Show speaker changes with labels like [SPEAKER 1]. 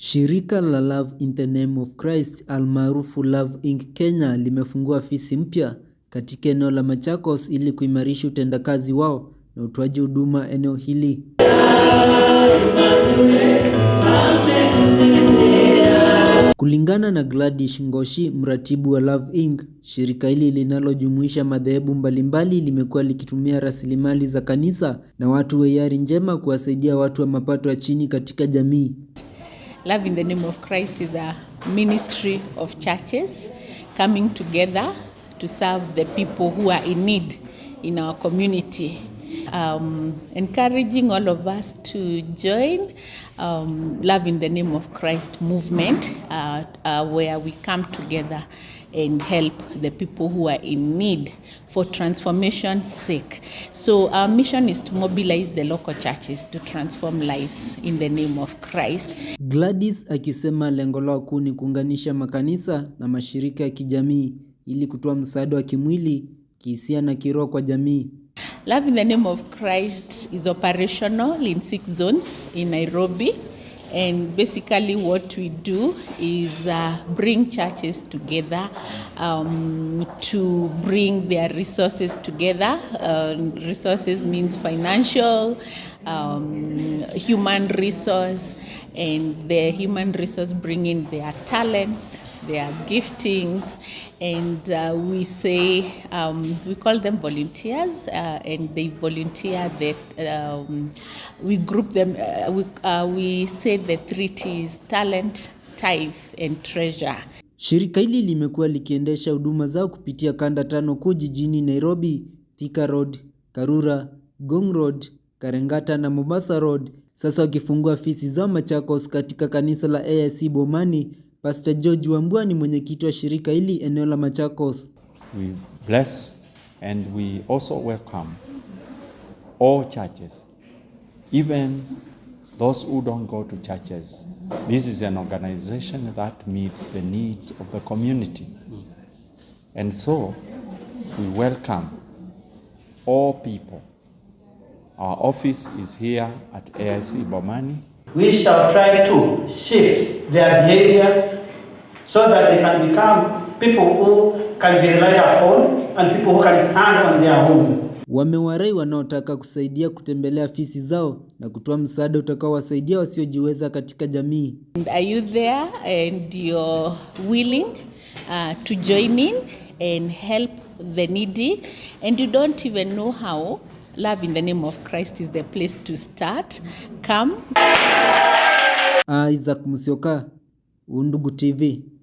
[SPEAKER 1] Shirika la Love in the Name of Christ almaarufu Love Inc Kenya limefungua afisi mpya katika eneo la Machakos ili kuimarisha utendakazi wao na utoaji huduma eneo hili. Kulingana na Gladys Ngoshi, mratibu wa Love Inc, shirika hili linalojumuisha madhehebu mbalimbali limekuwa likitumia rasilimali za kanisa na watu wa hiari njema kuwasaidia watu wa mapato ya chini katika jamii.
[SPEAKER 2] Love in the Name of Christ is a ministry of churches coming together to serve the people who are in need in our community um, encouraging all of us to join um, Love in the Name of Christ movement uh, uh, where we come together and help the people who are in need for transformation's sake. So our mission is to mobilize the local churches to transform lives in the name of Christ.
[SPEAKER 1] Gladys akisema lengo lao kuu ni kuunganisha makanisa na mashirika ya kijamii ili kutoa msaada wa kimwili, kihisia na kiroho kwa jamii.
[SPEAKER 2] Love in the Name of Christ is operational in six zones in Nairobi. And basically, what we do is uh, bring churches together um, to bring their resources together. Uh, resources means financial, um, human resource, and the human resource bring in their talents, their giftings, and uh, we say um, we call them volunteers, uh, and they volunteer that um, we group them. Uh, we uh, we say the three T's: talent, tithe, and treasure.
[SPEAKER 1] Shirika hili limekuwa likiendesha huduma zao kupitia kanda tano kuu jijini Nairobi, Thika Road, Karura, Gong Road, Karengata na Mombasa Road, sasa wakifungua afisi zao Machakos katika kanisa la AIC Bomani. Pastor George Wambua ni mwenyekiti wa shirika hili eneo la Machakos.
[SPEAKER 3] We bless and we also welcome all churches even those who don't go to churches. This is an organization that meets the needs of the community. And so we welcome all people Our office is here at AIC Bomani.
[SPEAKER 4] We shall try to shift their behaviors so that they can become people who can be relied upon and people who can stand on their own.
[SPEAKER 1] Wamewarai wanaotaka kusaidia kutembelea afisi zao na kutoa msaada utakaowasaidia wasiojiweza katika jamii.
[SPEAKER 2] And are you there and you're willing uh, to join in and help the needy and you don't even know how Love in the name of Christ is the place to start. Come.
[SPEAKER 1] Ah, Isaac Musyoka, Undugu TV.